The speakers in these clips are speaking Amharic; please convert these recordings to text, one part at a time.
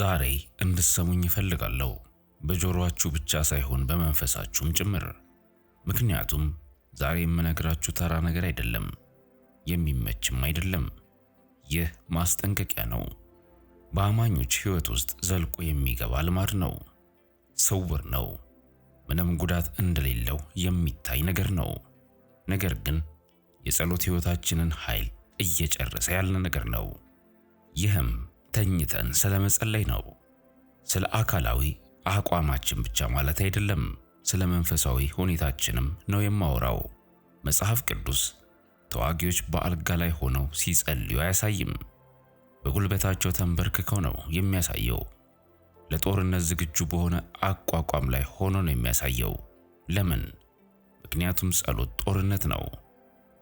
ዛሬ እንድሰሙኝ እፈልጋለሁ፣ በጆሮአችሁ ብቻ ሳይሆን በመንፈሳችሁም ጭምር። ምክንያቱም ዛሬ የምነግራችሁ ተራ ነገር አይደለም፣ የሚመችም አይደለም። ይህ ማስጠንቀቂያ ነው። በአማኞች ሕይወት ውስጥ ዘልቆ የሚገባ ልማድ ነው። ስውር ነው። ምንም ጉዳት እንደሌለው የሚታይ ነገር ነው። ነገር ግን የጸሎት ሕይወታችንን ኃይል እየጨረሰ ያለ ነገር ነው። ይህም ተኝተን ስለ መጸለይ ነው። ስለ አካላዊ አቋማችን ብቻ ማለት አይደለም፣ ስለ መንፈሳዊ ሁኔታችንም ነው የማወራው። መጽሐፍ ቅዱስ ተዋጊዎች በአልጋ ላይ ሆነው ሲጸልዩ አያሳይም። በጉልበታቸው ተንበርክከው ነው የሚያሳየው። ለጦርነት ዝግጁ በሆነ አቋቋም ላይ ሆኖ ነው የሚያሳየው። ለምን? ምክንያቱም ጸሎት ጦርነት ነው።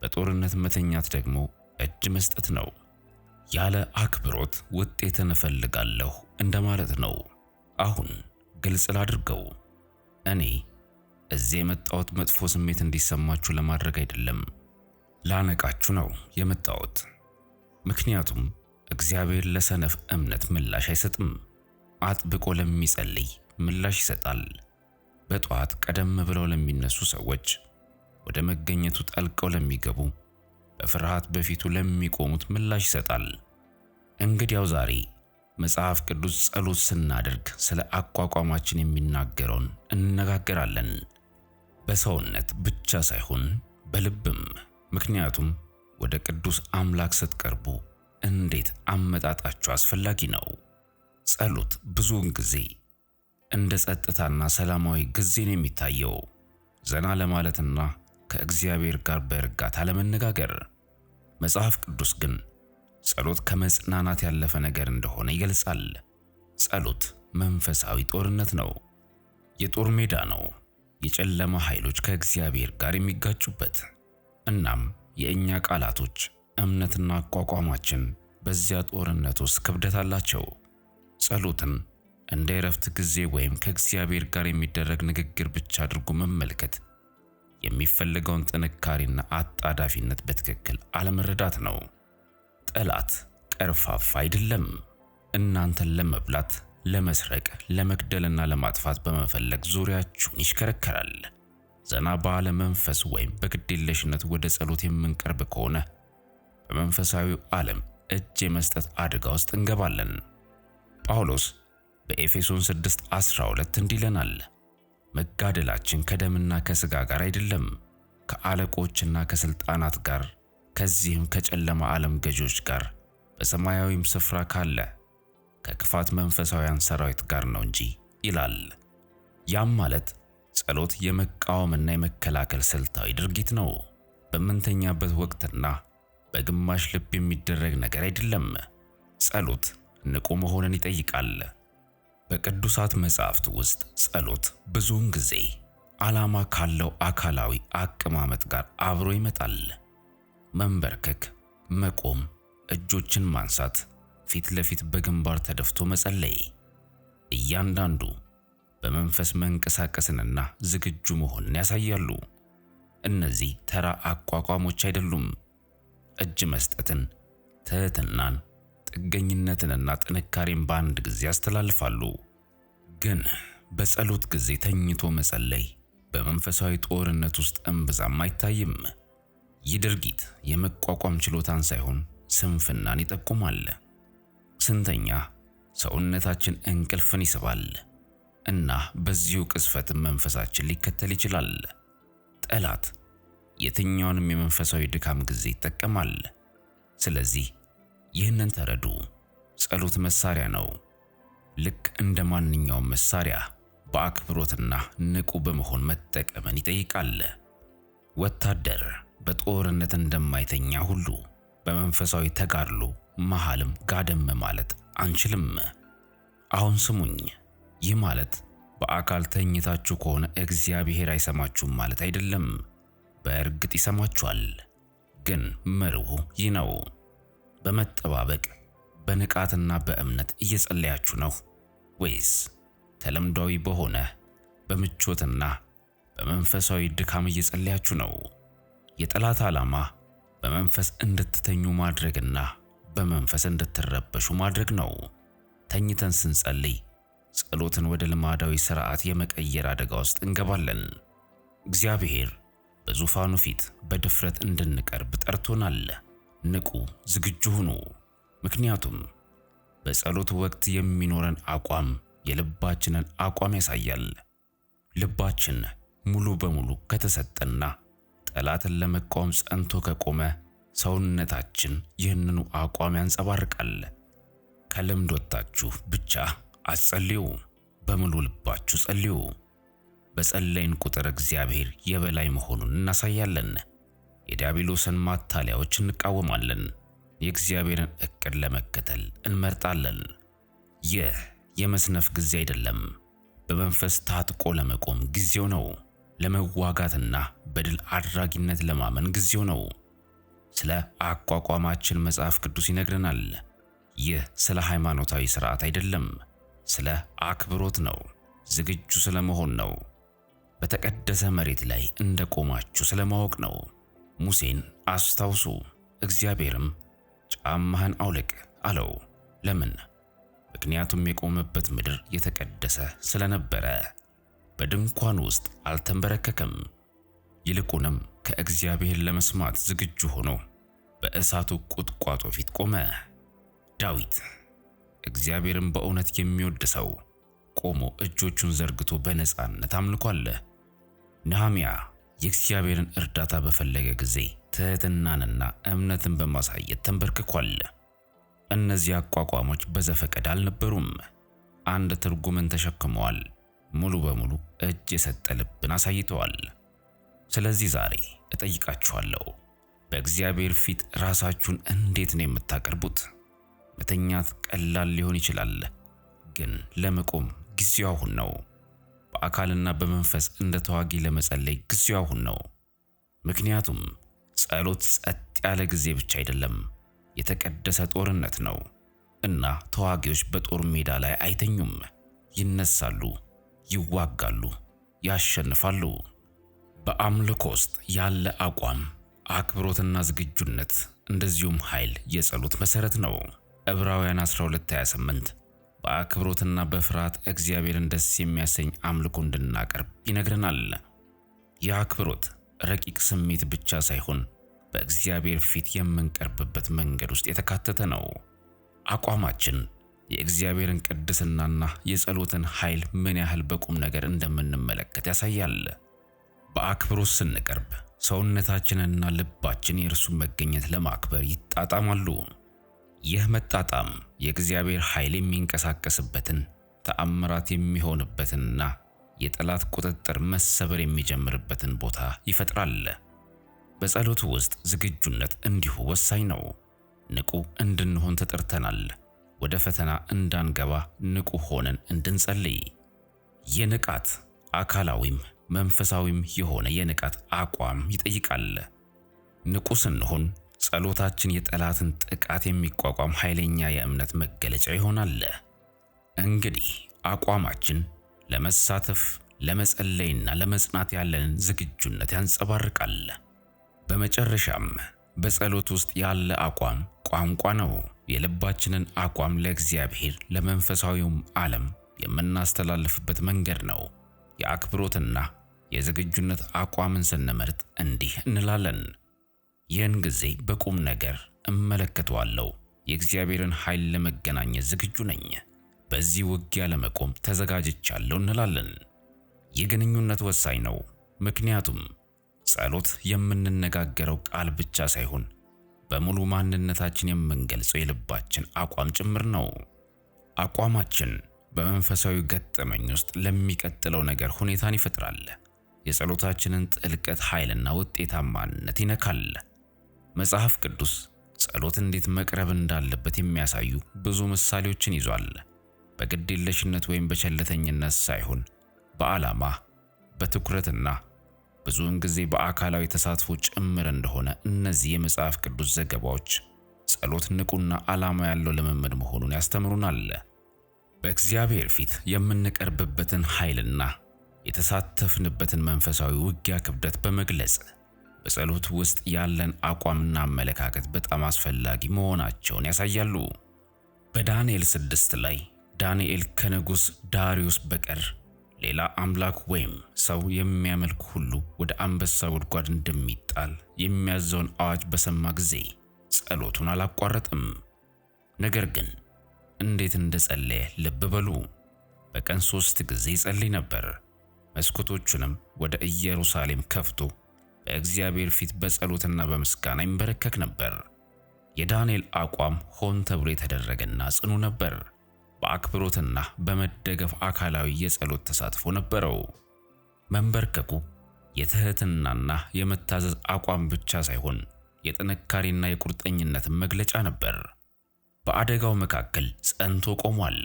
በጦርነት መተኛት ደግሞ እጅ መስጠት ነው። ያለ አክብሮት ውጤትን እፈልጋለሁ እንደማለት ነው። አሁን ግልጽ ላድርገው፣ እኔ እዚህ የመጣሁት መጥፎ ስሜት እንዲሰማችሁ ለማድረግ አይደለም፣ ላነቃችሁ ነው የመጣሁት። ምክንያቱም እግዚአብሔር ለሰነፍ እምነት ምላሽ አይሰጥም፣ አጥብቆ ለሚጸልይ ምላሽ ይሰጣል። በጠዋት ቀደም ብለው ለሚነሱ ሰዎች፣ ወደ መገኘቱ ጠልቀው ለሚገቡ በፍርሃት በፊቱ ለሚቆሙት ምላሽ ይሰጣል። እንግዲያው ዛሬ መጽሐፍ ቅዱስ ጸሎት ስናደርግ ስለ አቋቋማችን የሚናገረውን እንነጋገራለን። በሰውነት ብቻ ሳይሆን በልብም። ምክንያቱም ወደ ቅዱስ አምላክ ስትቀርቡ እንዴት አመጣጣችሁ አስፈላጊ ነው። ጸሎት ብዙውን ጊዜ እንደ ጸጥታና ሰላማዊ ጊዜ ነው የሚታየው። ዘና ለማለትና ከእግዚአብሔር ጋር በእርጋታ ለመነጋገር። መጽሐፍ ቅዱስ ግን ጸሎት ከመጽናናት ያለፈ ነገር እንደሆነ ይገልጻል። ጸሎት መንፈሳዊ ጦርነት ነው፣ የጦር ሜዳ ነው፣ የጨለማ ኃይሎች ከእግዚአብሔር ጋር የሚጋጩበት። እናም የእኛ ቃላቶች፣ እምነትና አቋቋማችን በዚያ ጦርነት ውስጥ ክብደት አላቸው። ጸሎትን እንደ የረፍት ጊዜ ወይም ከእግዚአብሔር ጋር የሚደረግ ንግግር ብቻ አድርጎ መመልከት የሚፈለገውን ጥንካሬና አጣዳፊነት በትክክል አለመረዳት ነው። ጠላት ቀርፋፋ አይደለም። እናንተን ለመብላት፣ ለመስረቅ፣ ለመግደልና ለማጥፋት በመፈለግ ዙሪያችሁን ይሽከረከራል። ዘና ባለ መንፈስ ወይም በግዴለሽነት ወደ ጸሎት የምንቀርብ ከሆነ በመንፈሳዊው ዓለም እጅ የመስጠት አደጋ ውስጥ እንገባለን። ጳውሎስ በኤፌሶን 6:12 እንዲለናል መጋደላችን ከደምና ከስጋ ጋር አይደለም፣ ከአለቆችና ከስልጣናት ጋር ከዚህም ከጨለማ ዓለም ገዦች ጋር በሰማያዊም ስፍራ ካለ ከክፋት መንፈሳውያን ሰራዊት ጋር ነው እንጂ ይላል። ያም ማለት ጸሎት የመቃወምና የመከላከል ስልታዊ ድርጊት ነው። በምንተኛበት ወቅትና በግማሽ ልብ የሚደረግ ነገር አይደለም። ጸሎት ንቁ መሆንን ይጠይቃል። በቅዱሳት መጻሕፍት ውስጥ ጸሎት ብዙውን ጊዜ ዓላማ ካለው አካላዊ አቀማመጥ ጋር አብሮ ይመጣል። መንበርከክ፣ መቆም፣ እጆችን ማንሳት፣ ፊት ለፊት በግንባር ተደፍቶ መጸለይ፣ እያንዳንዱ በመንፈስ መንቀሳቀስንና ዝግጁ መሆንን ያሳያሉ። እነዚህ ተራ አቋቋሞች አይደሉም። እጅ መስጠትን፣ ትህትናን ጥገኝነትንና ጥንካሬን በአንድ ጊዜ ያስተላልፋሉ። ግን በጸሎት ጊዜ ተኝቶ መጸለይ በመንፈሳዊ ጦርነት ውስጥ እምብዛም አይታይም። ይህ ድርጊት የመቋቋም ችሎታን ሳይሆን ስንፍናን ይጠቁማል። ስንተኛ ሰውነታችን እንቅልፍን ይስባል እና በዚሁ ቅስፈት መንፈሳችን ሊከተል ይችላል። ጠላት የትኛውንም የመንፈሳዊ ድካም ጊዜ ይጠቀማል። ስለዚህ ይህንን ተረዱ። ጸሎት መሳሪያ ነው። ልክ እንደ ማንኛውም መሳሪያ በአክብሮትና ንቁ በመሆን መጠቀምን ይጠይቃል። ወታደር በጦርነት እንደማይተኛ ሁሉ በመንፈሳዊ ተጋድሎ መሃልም ጋደም ማለት አንችልም። አሁን ስሙኝ፣ ይህ ማለት በአካል ተኝታችሁ ከሆነ እግዚአብሔር አይሰማችሁም ማለት አይደለም። በእርግጥ ይሰማችኋል፣ ግን መርሁ ይህ ነው። በመጠባበቅ በንቃትና በእምነት እየጸለያችሁ ነው ወይስ ተለምዶዊ በሆነ በምቾትና በመንፈሳዊ ድካም እየጸለያችሁ ነው? የጠላት ዓላማ በመንፈስ እንድትተኙ ማድረግና በመንፈስ እንድትረበሹ ማድረግ ነው። ተኝተን ስንጸልይ ጸሎትን ወደ ልማዳዊ ሥርዓት የመቀየር አደጋ ውስጥ እንገባለን። እግዚአብሔር በዙፋኑ ፊት በድፍረት እንድንቀርብ ጠርቶናል። ንቁ፣ ዝግጁ ሁኑ። ምክንያቱም በጸሎት ወቅት የሚኖረን አቋም የልባችንን አቋም ያሳያል። ልባችን ሙሉ በሙሉ ከተሰጠና ጠላትን ለመቃወም ጸንቶ ከቆመ ሰውነታችን ይህንኑ አቋም ያንጸባርቃል። ከልምድ ወጥታችሁ ብቻ አጸልዩ። በሙሉ ልባችሁ ጸልዩ። በጸለይን ቁጥር እግዚአብሔር የበላይ መሆኑን እናሳያለን። የዲያብሎስን ማታለያዎች እንቃወማለን፣ የእግዚአብሔርን እቅድ ለመከተል እንመርጣለን። ይህ የመስነፍ ጊዜ አይደለም። በመንፈስ ታጥቆ ለመቆም ጊዜው ነው። ለመዋጋትና በድል አድራጊነት ለማመን ጊዜው ነው። ስለ አቋቋማችን መጽሐፍ ቅዱስ ይነግረናል። ይህ ስለ ሃይማኖታዊ ስርዓት አይደለም፣ ስለ አክብሮት ነው። ዝግጁ ስለመሆን ነው። በተቀደሰ መሬት ላይ እንደቆማችሁ ስለማወቅ ነው። ሙሴን አስታውሱ፣ እግዚአብሔርም ጫማህን አውልቅ አለው። ለምን? ምክንያቱም የቆመበት ምድር የተቀደሰ ስለነበረ በድንኳን ውስጥ አልተንበረከከም። ይልቁንም ከእግዚአብሔር ለመስማት ዝግጁ ሆኖ በእሳቱ ቁጥቋጦ ፊት ቆመ። ዳዊት እግዚአብሔርን በእውነት የሚወድ ሰው ቆሞ እጆቹን ዘርግቶ በነፃነት አምልኳል። ነህምያ የእግዚአብሔርን እርዳታ በፈለገ ጊዜ ትህትናንና እምነትን በማሳየት ተንበርክኳል። እነዚህ አቋቋሞች በዘፈቀድ አልነበሩም። አንድ ትርጉምን ተሸክመዋል። ሙሉ በሙሉ እጅ የሰጠ ልብን አሳይተዋል። ስለዚህ ዛሬ እጠይቃችኋለሁ፣ በእግዚአብሔር ፊት ራሳችሁን እንዴት ነው የምታቀርቡት? መተኛት ቀላል ሊሆን ይችላል፣ ግን ለመቆም ጊዜው አሁን ነው። በአካልና በመንፈስ እንደ ተዋጊ ለመጸለይ ጊዜው አሁን ነው። ምክንያቱም ጸሎት ጸጥ ያለ ጊዜ ብቻ አይደለም፣ የተቀደሰ ጦርነት ነው እና ተዋጊዎች በጦር ሜዳ ላይ አይተኙም። ይነሳሉ፣ ይዋጋሉ፣ ያሸንፋሉ። በአምልኮ ውስጥ ያለ አቋም፣ አክብሮትና ዝግጁነት እንደዚሁም ኃይል የጸሎት መሠረት ነው። ዕብራውያን 12:28 በአክብሮትና በፍርሃት እግዚአብሔርን ደስ የሚያሰኝ አምልኮ እንድናቀርብ ይነግረናል። የአክብሮት አክብሮት ረቂቅ ስሜት ብቻ ሳይሆን በእግዚአብሔር ፊት የምንቀርብበት መንገድ ውስጥ የተካተተ ነው። አቋማችን የእግዚአብሔርን ቅድስናና የጸሎትን ኃይል ምን ያህል በቁም ነገር እንደምንመለከት ያሳያል። በአክብሮት ስንቀርብ ሰውነታችንና ልባችን የእርሱን መገኘት ለማክበር ይጣጣማሉ። ይህ መጣጣም የእግዚአብሔር ኃይል የሚንቀሳቀስበትን ተአምራት የሚሆንበትንና የጠላት ቁጥጥር መሰበር የሚጀምርበትን ቦታ ይፈጥራል። በጸሎቱ ውስጥ ዝግጁነት እንዲሁ ወሳኝ ነው። ንቁ እንድንሆን ተጠርተናል። ወደ ፈተና እንዳንገባ ንቁ ሆነን እንድንጸልይ። የንቃት አካላዊም መንፈሳዊም የሆነ የንቃት አቋም ይጠይቃል። ንቁ ስንሆን ጸሎታችን የጠላትን ጥቃት የሚቋቋም ኃይለኛ የእምነት መገለጫ ይሆናል። እንግዲህ አቋማችን ለመሳተፍ ለመጸለይና ለመጽናት ያለንን ዝግጁነት ያንጸባርቃል። በመጨረሻም በጸሎት ውስጥ ያለ አቋም ቋንቋ ነው። የልባችንን አቋም ለእግዚአብሔር ለመንፈሳዊውም ዓለም የምናስተላልፍበት መንገድ ነው። የአክብሮትና የዝግጁነት አቋምን ስንመርጥ እንዲህ እንላለን ይህን ጊዜ በቁም ነገር እመለከተዋለሁ። የእግዚአብሔርን ኃይል ለመገናኘት ዝግጁ ነኝ። በዚህ ውጊያ ለመቆም ተዘጋጅቻለሁ እንላለን። የግንኙነት ወሳኝ ነው። ምክንያቱም ጸሎት የምንነጋገረው ቃል ብቻ ሳይሆን በሙሉ ማንነታችን የምንገልጸው የልባችን አቋም ጭምር ነው። አቋማችን በመንፈሳዊ ገጠመኝ ውስጥ ለሚቀጥለው ነገር ሁኔታን ይፈጥራል። የጸሎታችንን ጥልቀት ኃይልና ውጤታማነት ይነካል። መጽሐፍ ቅዱስ ጸሎት እንዴት መቅረብ እንዳለበት የሚያሳዩ ብዙ ምሳሌዎችን ይዟል። በግድ የለሽነት ወይም በቸለተኝነት ሳይሆን በዓላማ በትኩረትና ብዙውን ጊዜ በአካላዊ ተሳትፎ ጭምር እንደሆነ እነዚህ የመጽሐፍ ቅዱስ ዘገባዎች ጸሎት ንቁና ዓላማ ያለው ልምምድ መሆኑን ያስተምሩናል። በእግዚአብሔር ፊት የምንቀርብበትን ኃይልና የተሳተፍንበትን መንፈሳዊ ውጊያ ክብደት በመግለጽ በጸሎት ውስጥ ያለን አቋምና አመለካከት በጣም አስፈላጊ መሆናቸውን ያሳያሉ። በዳንኤል ስድስት ላይ ዳንኤል ከንጉሥ ዳሪዮስ በቀር ሌላ አምላክ ወይም ሰው የሚያመልክ ሁሉ ወደ አንበሳ ጉድጓድ እንደሚጣል የሚያዘውን አዋጅ በሰማ ጊዜ ጸሎቱን አላቋረጥም። ነገር ግን እንዴት እንደጸለየ ልብ በሉ። በቀን ሦስት ጊዜ ይጸልይ ነበር። መስኮቶቹንም ወደ ኢየሩሳሌም ከፍቶ በእግዚአብሔር ፊት በጸሎትና በምስጋና ይንበረከክ ነበር። የዳንኤል አቋም ሆን ተብሎ የተደረገና ጽኑ ነበር። በአክብሮትና በመደገፍ አካላዊ የጸሎት ተሳትፎ ነበረው። መንበርከኩ የትህትናና የመታዘዝ አቋም ብቻ ሳይሆን የጥንካሬና የቁርጠኝነትን መግለጫ ነበር። በአደጋው መካከል ጸንቶ ቆሟል።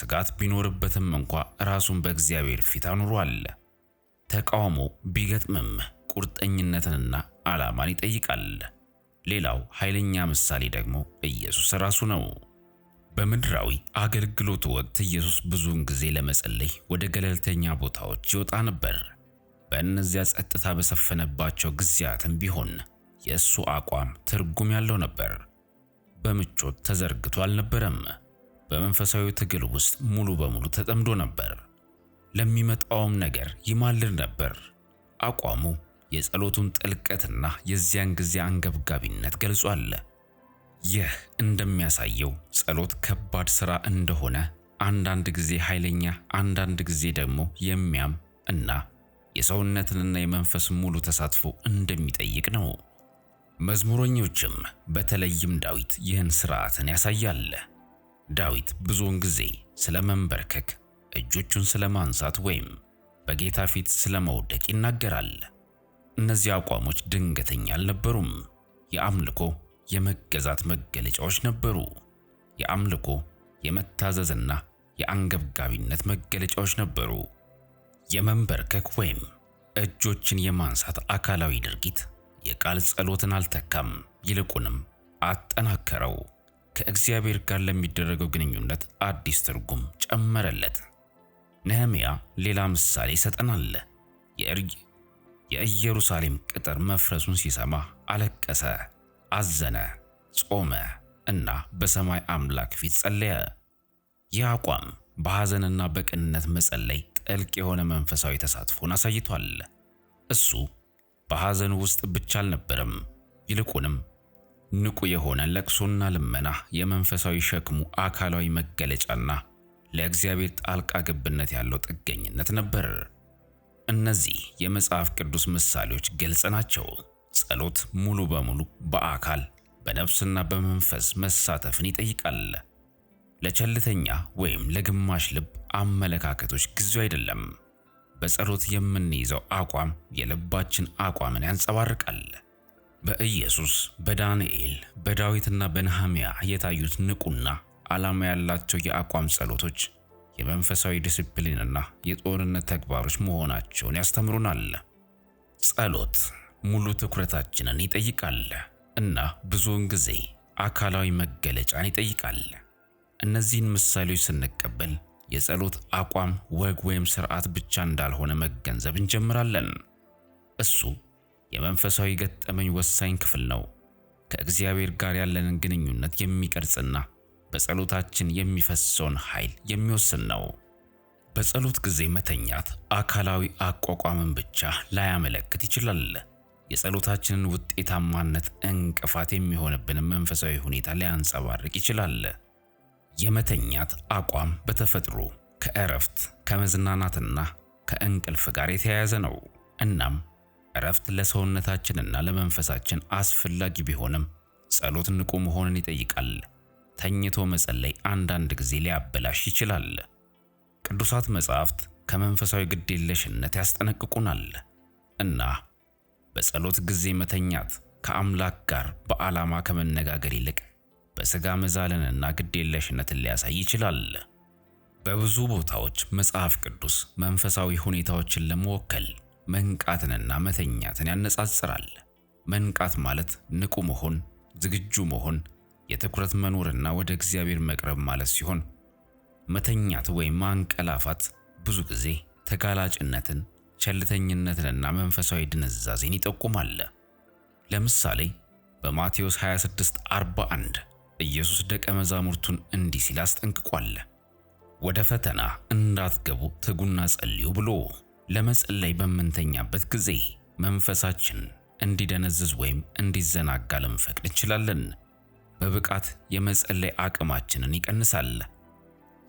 ስጋት ቢኖርበትም እንኳ ራሱን በእግዚአብሔር ፊት አኑሯል። ተቃውሞ ቢገጥምም ቁርጠኝነትንና ዓላማን ይጠይቃል። ሌላው ኃይለኛ ምሳሌ ደግሞ ኢየሱስ ራሱ ነው። በምድራዊ አገልግሎቱ ወቅት ኢየሱስ ብዙውን ጊዜ ለመጸለይ ወደ ገለልተኛ ቦታዎች ይወጣ ነበር። በእነዚያ ጸጥታ በሰፈነባቸው ጊዜያትም ቢሆን የእሱ አቋም ትርጉም ያለው ነበር። በምቾት ተዘርግቶ አልነበረም። በመንፈሳዊ ትግል ውስጥ ሙሉ በሙሉ ተጠምዶ ነበር። ለሚመጣውም ነገር ይማልድ ነበር። አቋሙ የጸሎቱን ጥልቀትና የዚያን ጊዜ አንገብጋቢነት ገልጿል። ይህ እንደሚያሳየው ጸሎት ከባድ ሥራ እንደሆነ፣ አንዳንድ ጊዜ ኃይለኛ፣ አንዳንድ ጊዜ ደግሞ የሚያም እና የሰውነትንና የመንፈስ ሙሉ ተሳትፎ እንደሚጠይቅ ነው። መዝሙረኞችም በተለይም ዳዊት ይህን ሥርዓትን ያሳያል። ዳዊት ብዙውን ጊዜ ስለ መንበርከክ፣ እጆቹን ስለ ማንሳት ወይም በጌታ ፊት ስለ መውደቅ ይናገራል። እነዚህ አቋሞች ድንገተኛ አልነበሩም። የአምልኮ የመገዛት መገለጫዎች ነበሩ። የአምልኮ የመታዘዝና የአንገብጋቢነት መገለጫዎች ነበሩ። የመንበርከክ ወይም እጆችን የማንሳት አካላዊ ድርጊት የቃል ጸሎትን አልተካም፣ ይልቁንም አጠናከረው። ከእግዚአብሔር ጋር ለሚደረገው ግንኙነት አዲስ ትርጉም ጨመረለት። ነህምያ ሌላ ምሳሌ ይሰጠናል። የኢየሩሳሌም ቅጥር መፍረሱን ሲሰማ አለቀሰ፣ አዘነ፣ ጾመ እና በሰማይ አምላክ ፊት ጸለየ። ይህ አቋም በሐዘንና በቅንነት መጸለይ ጥልቅ የሆነ መንፈሳዊ ተሳትፎን አሳይቷል። እሱ በሐዘኑ ውስጥ ብቻ አልነበረም፣ ይልቁንም ንቁ የሆነ ለቅሶና ልመና የመንፈሳዊ ሸክሙ አካላዊ መገለጫና ለእግዚአብሔር ጣልቃ ገብነት ያለው ጥገኝነት ነበር። እነዚህ የመጽሐፍ ቅዱስ ምሳሌዎች ግልጽ ናቸው። ጸሎት ሙሉ በሙሉ በአካል በነፍስና በመንፈስ መሳተፍን ይጠይቃል። ለቸልተኛ ወይም ለግማሽ ልብ አመለካከቶች ጊዜው አይደለም። በጸሎት የምንይዘው አቋም የልባችን አቋምን ያንጸባርቃል። በኢየሱስ፣ በዳንኤል፣ በዳዊትና በነሐሚያ የታዩት ንቁና ዓላማ ያላቸው የአቋም ጸሎቶች የመንፈሳዊ ዲሲፕሊንና የጦርነት ተግባሮች መሆናቸውን ያስተምሩናል። ጸሎት ሙሉ ትኩረታችንን ይጠይቃል እና ብዙውን ጊዜ አካላዊ መገለጫን ይጠይቃል። እነዚህን ምሳሌዎች ስንቀበል የጸሎት አቋም ወግ ወይም ስርዓት ብቻ እንዳልሆነ መገንዘብ እንጀምራለን። እሱ የመንፈሳዊ ገጠመኝ ወሳኝ ክፍል ነው፣ ከእግዚአብሔር ጋር ያለንን ግንኙነት የሚቀርጽና በጸሎታችን የሚፈሰውን ኃይል የሚወስን ነው። በጸሎት ጊዜ መተኛት አካላዊ አቋቋምን ብቻ ላያመለክት ይችላል። የጸሎታችንን ውጤታማነት እንቅፋት የሚሆንብን መንፈሳዊ ሁኔታ ሊያንጸባርቅ ይችላል። የመተኛት አቋም በተፈጥሮ ከእረፍት ከመዝናናትና ከእንቅልፍ ጋር የተያያዘ ነው። እናም እረፍት ለሰውነታችንና ለመንፈሳችን አስፈላጊ ቢሆንም ጸሎት ንቁ መሆንን ይጠይቃል። ተኝቶ መጸለይ አንዳንድ ጊዜ ሊያበላሽ ይችላል። ቅዱሳት መጻሕፍት ከመንፈሳዊ ግዴለሽነት ያስጠነቅቁናል እና በጸሎት ጊዜ መተኛት ከአምላክ ጋር በዓላማ ከመነጋገር ይልቅ በሥጋ መዛለንና ግዴለሽነትን ሊያሳይ ይችላል። በብዙ ቦታዎች መጽሐፍ ቅዱስ መንፈሳዊ ሁኔታዎችን ለመወከል መንቃትንና መተኛትን ያነጻጽራል። መንቃት ማለት ንቁ መሆን፣ ዝግጁ መሆን የትኩረት መኖርና ወደ እግዚአብሔር መቅረብ ማለት ሲሆን መተኛት ወይም ማንቀላፋት ብዙ ጊዜ ተጋላጭነትን፣ ቸልተኝነትንና መንፈሳዊ ድንዛዜን ይጠቁማል። ለምሳሌ በማቴዎስ 26:41 ኢየሱስ ደቀ መዛሙርቱን እንዲህ ሲል አስጠንቅቋል። ወደ ፈተና እንዳትገቡ ትጉና ጸልዩ ብሎ ለመጸለይ በምንተኛበት ጊዜ መንፈሳችን እንዲደነዝዝ ወይም እንዲዘናጋ ልንፈቅድ እንችላለን። በብቃት የመጸለይ አቅማችንን ይቀንሳል።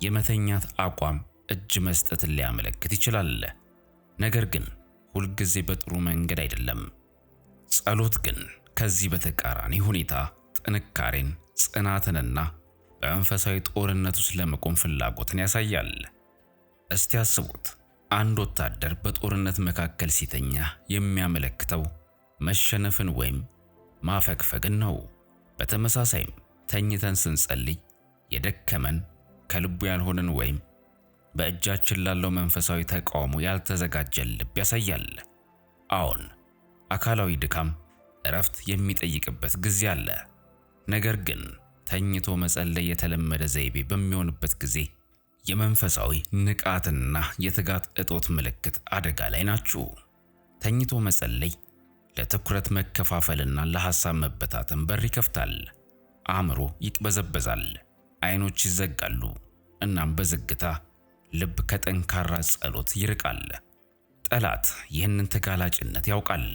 የመተኛት አቋም እጅ መስጠትን ሊያመለክት ይችላል። ነገር ግን ሁልጊዜ በጥሩ መንገድ አይደለም። ጸሎት ግን ከዚህ በተቃራኒ ሁኔታ ጥንካሬን፣ ጽናትንና በመንፈሳዊ ጦርነት ውስጥ ለመቆም ፍላጎትን ያሳያል። እስቲ አስቡት፣ አንድ ወታደር በጦርነት መካከል ሲተኛ የሚያመለክተው መሸነፍን ወይም ማፈግፈግን ነው። በተመሳሳይም ተኝተን ስንጸልይ የደከመን ከልቡ ያልሆነን ወይም በእጃችን ላለው መንፈሳዊ ተቃውሞ ያልተዘጋጀን ልብ ያሳያል። አዎን አካላዊ ድካም እረፍት የሚጠይቅበት ጊዜ አለ። ነገር ግን ተኝቶ መጸለይ የተለመደ ዘይቤ በሚሆንበት ጊዜ የመንፈሳዊ ንቃትና የትጋት እጦት ምልክት አደጋ ላይ ናችሁ። ተኝቶ መጸለይ ለትኩረት መከፋፈልና ለሐሳብ መበታተን በር ይከፍታል። አእምሮ ይቅበዘበዛል፣ አይኖች ይዘጋሉ። እናም በዝግታ ልብ ከጠንካራ ጸሎት ይርቃል። ጠላት ይህንን ተጋላጭነት ያውቃል።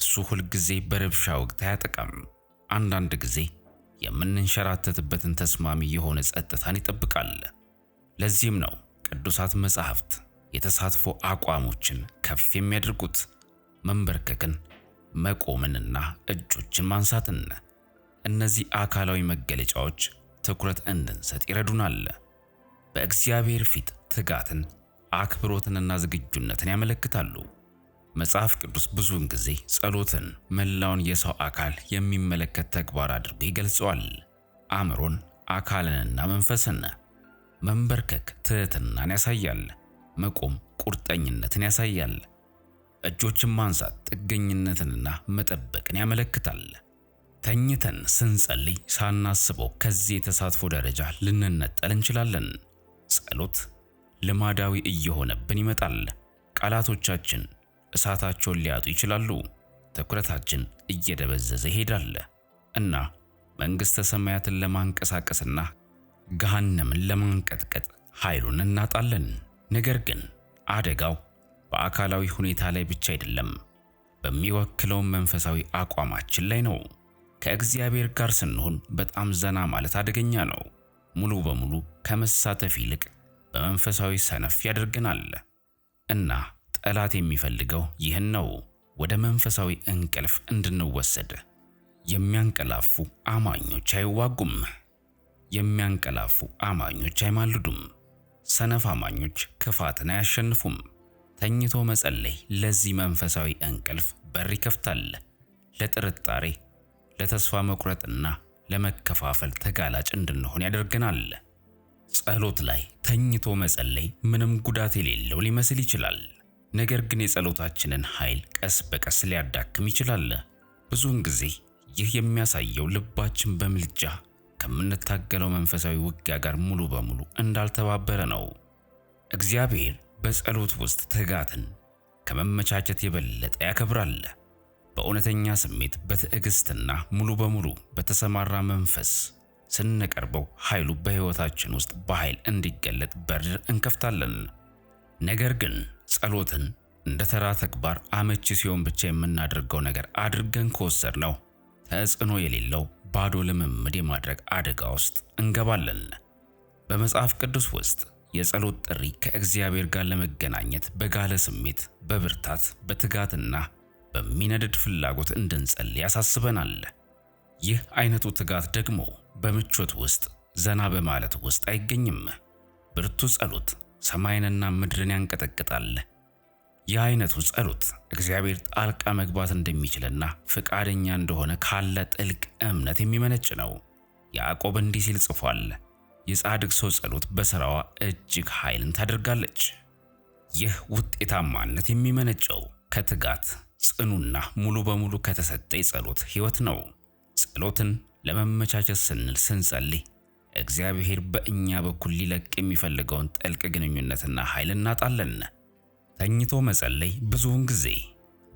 እሱ ሁልጊዜ በረብሻ ወቅት አያጠቃም። አንዳንድ ጊዜ የምንንሸራተትበትን ተስማሚ የሆነ ጸጥታን ይጠብቃል። ለዚህም ነው ቅዱሳት መጻሕፍት የተሳትፎ አቋሞችን ከፍ የሚያደርጉት መንበርከክን መቆምንና እጆችን ማንሳትን። እነዚህ አካላዊ መገለጫዎች ትኩረት እንድንሰጥ ይረዱናል። በእግዚአብሔር ፊት ትጋትን፣ አክብሮትንና ዝግጁነትን ያመለክታሉ። መጽሐፍ ቅዱስ ብዙውን ጊዜ ጸሎትን መላውን የሰው አካል የሚመለከት ተግባር አድርጎ ይገልጸዋል። አእምሮን፣ አካልንና መንፈስን። መንበርከክ ትህትናን ያሳያል። መቆም ቁርጠኝነትን ያሳያል። እጆችን ማንሳት ጥገኝነትንና መጠበቅን ያመለክታል። ተኝተን ስንጸልይ ሳናስበው ከዚህ የተሳትፎ ደረጃ ልንነጠል እንችላለን። ጸሎት ልማዳዊ እየሆነብን ይመጣል። ቃላቶቻችን እሳታቸውን ሊያጡ ይችላሉ። ትኩረታችን እየደበዘዘ ይሄዳል እና መንግሥተ ሰማያትን ለማንቀሳቀስና ገሃነምን ለማንቀጥቀጥ ኃይሉን እናጣለን። ነገር ግን አደጋው በአካላዊ ሁኔታ ላይ ብቻ አይደለም፣ በሚወክለውም መንፈሳዊ አቋማችን ላይ ነው። ከእግዚአብሔር ጋር ስንሆን በጣም ዘና ማለት አደገኛ ነው። ሙሉ በሙሉ ከመሳተፍ ይልቅ በመንፈሳዊ ሰነፍ ያደርገናል። እና ጠላት የሚፈልገው ይህን ነው፣ ወደ መንፈሳዊ እንቅልፍ እንድንወሰድ። የሚያንቀላፉ አማኞች አይዋጉም። የሚያንቀላፉ አማኞች አይማልዱም። ሰነፍ አማኞች ክፋትን አያሸንፉም። ተኝቶ መጸለይ ለዚህ መንፈሳዊ እንቅልፍ በር ይከፍታል። ለጥርጣሬ፣ ለተስፋ መቁረጥና ለመከፋፈል ተጋላጭ እንድንሆን ያደርገናል። ጸሎት ላይ ተኝቶ መጸለይ ምንም ጉዳት የሌለው ሊመስል ይችላል። ነገር ግን የጸሎታችንን ኃይል ቀስ በቀስ ሊያዳክም ይችላል። ብዙውን ጊዜ ይህ የሚያሳየው ልባችን በምልጃ ከምንታገለው መንፈሳዊ ውጊያ ጋር ሙሉ በሙሉ እንዳልተባበረ ነው። እግዚአብሔር በጸሎት ውስጥ ትጋትን ከመመቻቸት የበለጠ ያከብራል። በእውነተኛ ስሜት በትዕግስትና ሙሉ በሙሉ በተሰማራ መንፈስ ስንቀርበው ኃይሉ በሕይወታችን ውስጥ በኃይል እንዲገለጥ በር እንከፍታለን። ነገር ግን ጸሎትን እንደ ተራ ተግባር አመቺ ሲሆን ብቻ የምናደርገው ነገር አድርገን ከወሰድ ነው ተጽዕኖ የሌለው ባዶ ልምምድ የማድረግ አደጋ ውስጥ እንገባለን። በመጽሐፍ ቅዱስ ውስጥ የጸሎት ጥሪ ከእግዚአብሔር ጋር ለመገናኘት በጋለ ስሜት፣ በብርታት፣ በትጋትና በሚነድድ ፍላጎት እንድንጸልይ ያሳስበናል። ይህ አይነቱ ትጋት ደግሞ በምቾት ውስጥ ዘና በማለት ውስጥ አይገኝም። ብርቱ ጸሎት ሰማይንና ምድርን ያንቀጠቅጣል። ይህ አይነቱ ጸሎት እግዚአብሔር ጣልቃ መግባት እንደሚችልና ፈቃደኛ እንደሆነ ካለ ጥልቅ እምነት የሚመነጭ ነው። ያዕቆብ እንዲህ ሲል ጽፏል፦ የጻድቅ ሰው ጸሎት በሥራዋ እጅግ ኃይልን ታደርጋለች። ይህ ውጤታማነት የሚመነጨው ከትጋት ጽኑና ሙሉ በሙሉ ከተሰጠ የጸሎት ሕይወት ነው። ጸሎትን ለመመቻቸት ስንል ስንጸልይ እግዚአብሔር በእኛ በኩል ሊለቅ የሚፈልገውን ጥልቅ ግንኙነትና ኃይል እናጣለን። ተኝቶ መጸለይ ብዙውን ጊዜ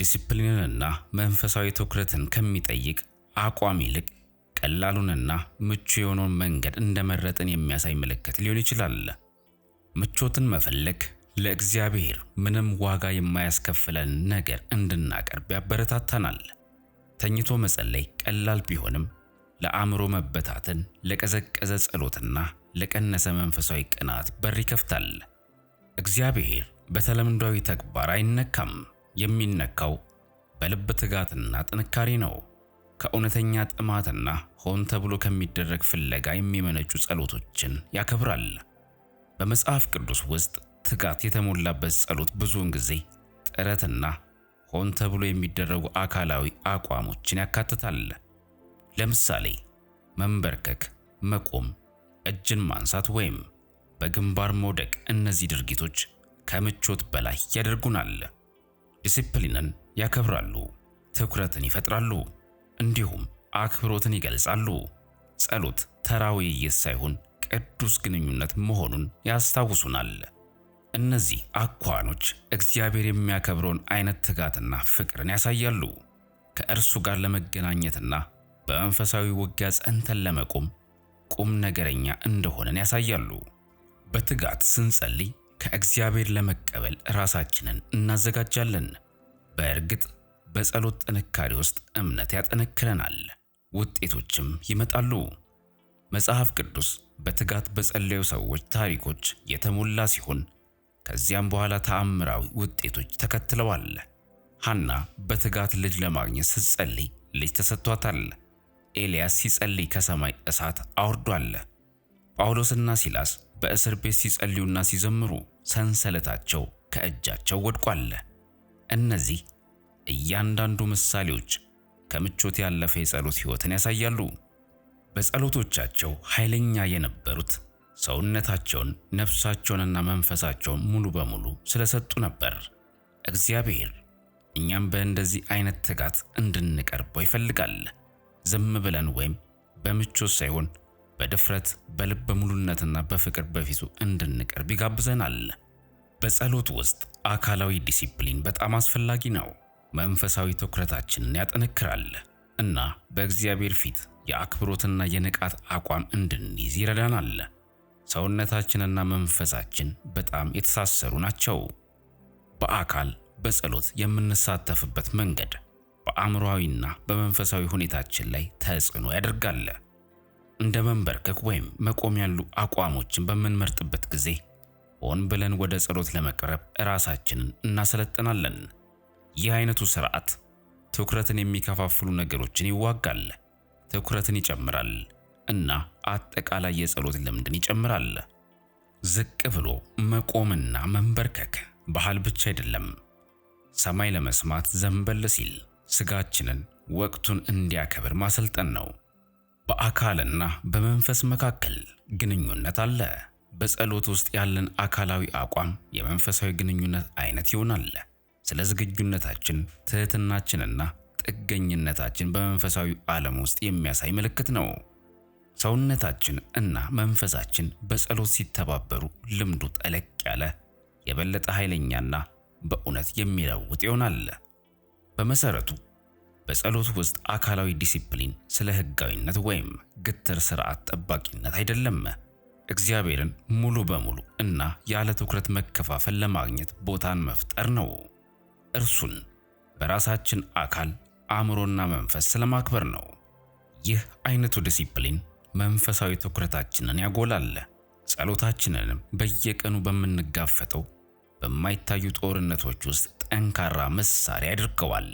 ዲሲፕሊንንና መንፈሳዊ ትኩረትን ከሚጠይቅ አቋም ይልቅ ቀላሉንና ምቹ የሆነውን መንገድ እንደመረጥን የሚያሳይ ምልክት ሊሆን ይችላል። ምቾትን መፈለግ ለእግዚአብሔር ምንም ዋጋ የማያስከፍለን ነገር እንድናቀርብ ያበረታታናል። ተኝቶ መጸለይ ቀላል ቢሆንም ለአእምሮ መበታትን፣ ለቀዘቀዘ ጸሎትና ለቀነሰ መንፈሳዊ ቅናት በር ይከፍታል። እግዚአብሔር በተለምዷዊ ተግባር አይነካም። የሚነካው በልብ ትጋትና ጥንካሬ ነው። ከእውነተኛ ጥማትና ሆን ተብሎ ከሚደረግ ፍለጋ የሚመነጩ ጸሎቶችን ያከብራል። በመጽሐፍ ቅዱስ ውስጥ ትጋት የተሞላበት ጸሎት ብዙውን ጊዜ ጥረትና ሆን ተብሎ የሚደረጉ አካላዊ አቋሞችን ያካትታል። ለምሳሌ መንበርከክ፣ መቆም፣ እጅን ማንሳት ወይም በግንባር መውደቅ። እነዚህ ድርጊቶች ከምቾት በላይ ያደርጉናል። ዲሲፕሊንን ያከብራሉ፣ ትኩረትን ይፈጥራሉ እንዲሁም አክብሮትን ይገልጻሉ። ጸሎት ተራ ውይይት ሳይሆን ቅዱስ ግንኙነት መሆኑን ያስታውሱናል። እነዚህ አኳኖች እግዚአብሔር የሚያከብረውን አይነት ትጋትና ፍቅርን ያሳያሉ። ከእርሱ ጋር ለመገናኘትና በመንፈሳዊ ውጊያ ጸንተን ለመቆም ቁም ነገረኛ እንደሆነን ያሳያሉ። በትጋት ስንጸልይ ከእግዚአብሔር ለመቀበል ራሳችንን እናዘጋጃለን። በእርግጥ በጸሎት ጥንካሬ ውስጥ እምነት ያጠነክረናል፣ ውጤቶችም ይመጣሉ። መጽሐፍ ቅዱስ በትጋት በጸለዩ ሰዎች ታሪኮች የተሞላ ሲሆን ከዚያም በኋላ ተአምራዊ ውጤቶች ተከትለዋል። ሐና በትጋት ልጅ ለማግኘት ስትጸልይ ልጅ ተሰጥቷታል። ኤልያስ ሲጸልይ ከሰማይ እሳት አውርዷል። ጳውሎስና ሲላስ በእስር ቤት ሲጸልዩና ሲዘምሩ ሰንሰለታቸው ከእጃቸው ወድቋል። እነዚህ እያንዳንዱ ምሳሌዎች ከምቾት ያለፈ የጸሎት ሕይወትን ያሳያሉ። በጸሎቶቻቸው ኃይለኛ የነበሩት ሰውነታቸውን ነፍሳቸውንና መንፈሳቸውን ሙሉ በሙሉ ስለሰጡ ነበር። እግዚአብሔር እኛም በእንደዚህ አይነት ትጋት እንድንቀርበው ይፈልጋል። ዝም ብለን ወይም በምቾት ሳይሆን በድፍረት በልበ ሙሉነትና በፍቅር በፊቱ እንድንቀርብ ይጋብዘናል። በጸሎት ውስጥ አካላዊ ዲሲፕሊን በጣም አስፈላጊ ነው። መንፈሳዊ ትኩረታችንን ያጠነክራል እና በእግዚአብሔር ፊት የአክብሮትና የንቃት አቋም እንድንይዝ ይረዳናል። ሰውነታችንና መንፈሳችን በጣም የተሳሰሩ ናቸው። በአካል በጸሎት የምንሳተፍበት መንገድ በአእምሮአዊና በመንፈሳዊ ሁኔታችን ላይ ተጽዕኖ ያደርጋል። እንደ መንበርከክ ወይም መቆም ያሉ አቋሞችን በምንመርጥበት ጊዜ ሆን ብለን ወደ ጸሎት ለመቅረብ ራሳችንን እናሰለጥናለን። ይህ አይነቱ ስርዓት ትኩረትን የሚከፋፍሉ ነገሮችን ይዋጋል፣ ትኩረትን ይጨምራል እና አጠቃላይ የጸሎት ልምድን ይጨምራል። ዝቅ ብሎ መቆምና መንበርከክ ባህል ብቻ አይደለም። ሰማይ ለመስማት ዘንበል ሲል ስጋችንን ወቅቱን እንዲያከብር ማሰልጠን ነው። በአካልና በመንፈስ መካከል ግንኙነት አለ። በጸሎት ውስጥ ያለን አካላዊ አቋም የመንፈሳዊ ግንኙነት አይነት ይሆናል። ስለ ዝግጁነታችን፣ ትህትናችንና ጥገኝነታችን በመንፈሳዊ ዓለም ውስጥ የሚያሳይ ምልክት ነው። ሰውነታችን እና መንፈሳችን በጸሎት ሲተባበሩ ልምዱ ጠለቅ ያለ የበለጠ ኃይለኛና በእውነት የሚለውጥ ይሆናል። በመሰረቱ በጸሎት ውስጥ አካላዊ ዲሲፕሊን ስለ ህጋዊነት ወይም ግትር ስርዓት ጠባቂነት አይደለም። እግዚአብሔርን ሙሉ በሙሉ እና ያለ ትኩረት መከፋፈል ለማግኘት ቦታን መፍጠር ነው። እርሱን በራሳችን አካል አእምሮና መንፈስ ስለማክበር ነው። ይህ አይነቱ ዲሲፕሊን መንፈሳዊ ትኩረታችንን ያጎላል። ጸሎታችንንም በየቀኑ በምንጋፈጠው በማይታዩ ጦርነቶች ውስጥ ጠንካራ መሳሪያ ያድርገዋል።